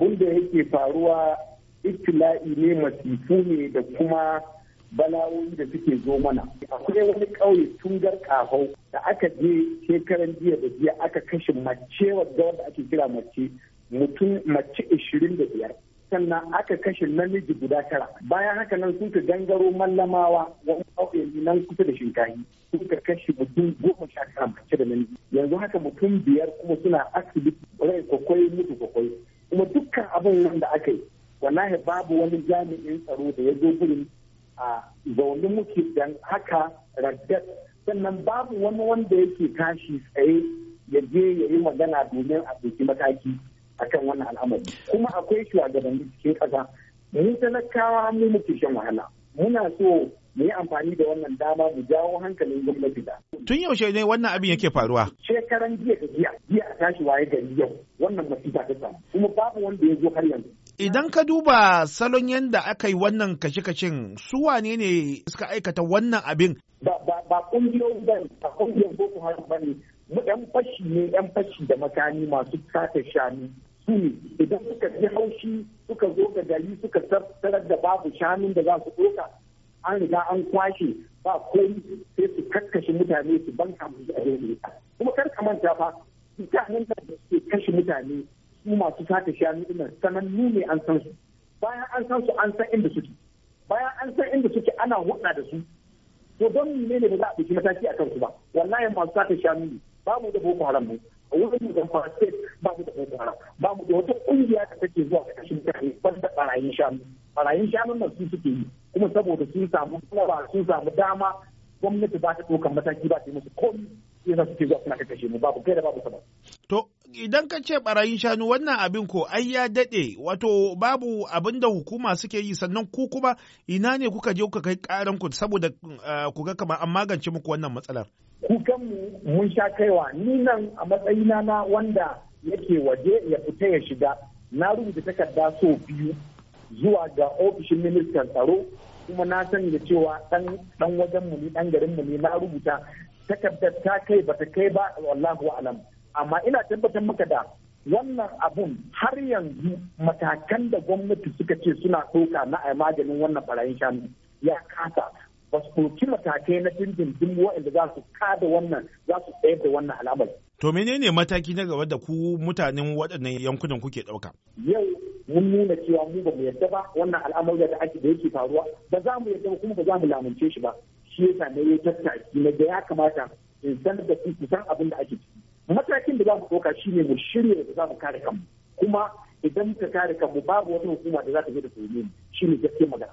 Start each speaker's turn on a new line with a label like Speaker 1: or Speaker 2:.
Speaker 1: abin da yake faruwa itilai ne masifu ne da kuma bala'o'i da suke zo mana akwai wani ƙauye tungar kahau da aka je shekaran jiya da jiya aka kashe mace wadda wanda ake kira mace mutum mace ishirin da biyar sannan aka kashe namiji guda tara bayan haka nan sun ka gangaro mallamawa wani ƙauye nan kusa da shinkahi sun ka kashe mutum goma sha tara mace da namiji yanzu haka mutum biyar kuma suna asibiti rai kwakwai mutu kwakwai kuma dukkan abin nan da aka yi wallahi babu wani jami'in tsaro da ya zo gurin a zaune muke dan haka raddat sannan babu wani wanda yake tashi tsaye ya je ya yi magana domin a ɗauki mataki akan wannan al'amari kuma akwai shugabanni cikin ƙasa mu talakawa mu muke shan wahala muna so mu yi amfani da wannan dama mu jawo hankalin gwamnati da.
Speaker 2: Tun yaushe ne wannan abin yake faruwa?
Speaker 1: Shekaran jiya da jiya, jiya a tashi waye gari yau, wannan masifa ta samu, kuma babu
Speaker 2: wanda ya zo har yanzu. Idan ka duba salon yadda aka yi wannan kashe-kashen su wane ne suka aikata wannan abin? Ba ƙungiyoyin ba ba
Speaker 1: ƙungiyoyin Boko Haram ba ne, mu ɗan fashi ne ɗan fashi da makami masu sata shanu. Su ne idan suka ji haushi suka zo ga gari suka tattarar da babu shanun da za su ɗoka an riga an kwashe ba komi sai su kakkashe mutane su banka musu a daidai kuma kar ka manta fa mutanen da suke kashe mutane su masu sata shanu ina sanannu ne an san su bayan an san su an san inda suke bayan an san inda suke ana hudda da su to don ne ne ba za a ɗauki mataki a kansu ba wallahi masu sata shanu ne ba mu da boko haram ne a wurin mu zan fara state ba mu da boko haram ba mu da wata ƙungiya da take zuwa ta kashe mutane ban da barayin shanu barayin shanu nan su suke yi kuma saboda sun
Speaker 2: samu kuma sun samu dama gwamnati ba ta ɗaukar mataki ba ta yi musu komi su suke zuwa suna kashe mu babu kai da babu sabon. To idan ka ce barayin shanu wannan abin ko ai ya daɗe wato babu abin da hukuma suke yi sannan ku kuma ina ne kuka je kuka kai ƙaran ku saboda eh, ku ga kamar an magance muku wannan matsalar. Kukan mun sha
Speaker 1: kaiwa ni nan a matsayina na wanda yake waje ya fita ya shiga na rubuta takarda so biyu zuwa ga ofishin ministan tsaro kuma na san da cewa dan wajen mu ne dan garin mu ne na rubuta takardar ta kai bata kai ba wallahu alam amma ina tabbatar maka da wannan abun har yanzu matakan da gwamnati suka ce suna ɗauka na a maganin wannan barayin shanu ya kasa ɗauki matakai na dindindin waɗanda za su kada wannan za su tsayar da
Speaker 2: wannan al'amari. To menene mataki na gaba da ku mutanen waɗannan yankunan kuke ɗauka?
Speaker 1: Yau mun nuna cewa mu ba mu yarda ba wannan al'amari da ake da yake faruwa ba za mu yarda kuma ba za mu lamunce shi ba shi yasa na ya tattaki na da ya kamata in san da ku san abin da ake ciki. Matakin da za mu ɗauka ne mu shirya da za mu kare kanmu kuma idan ka kare kanmu babu wata hukuma da za ta je da su shine shi ne magana.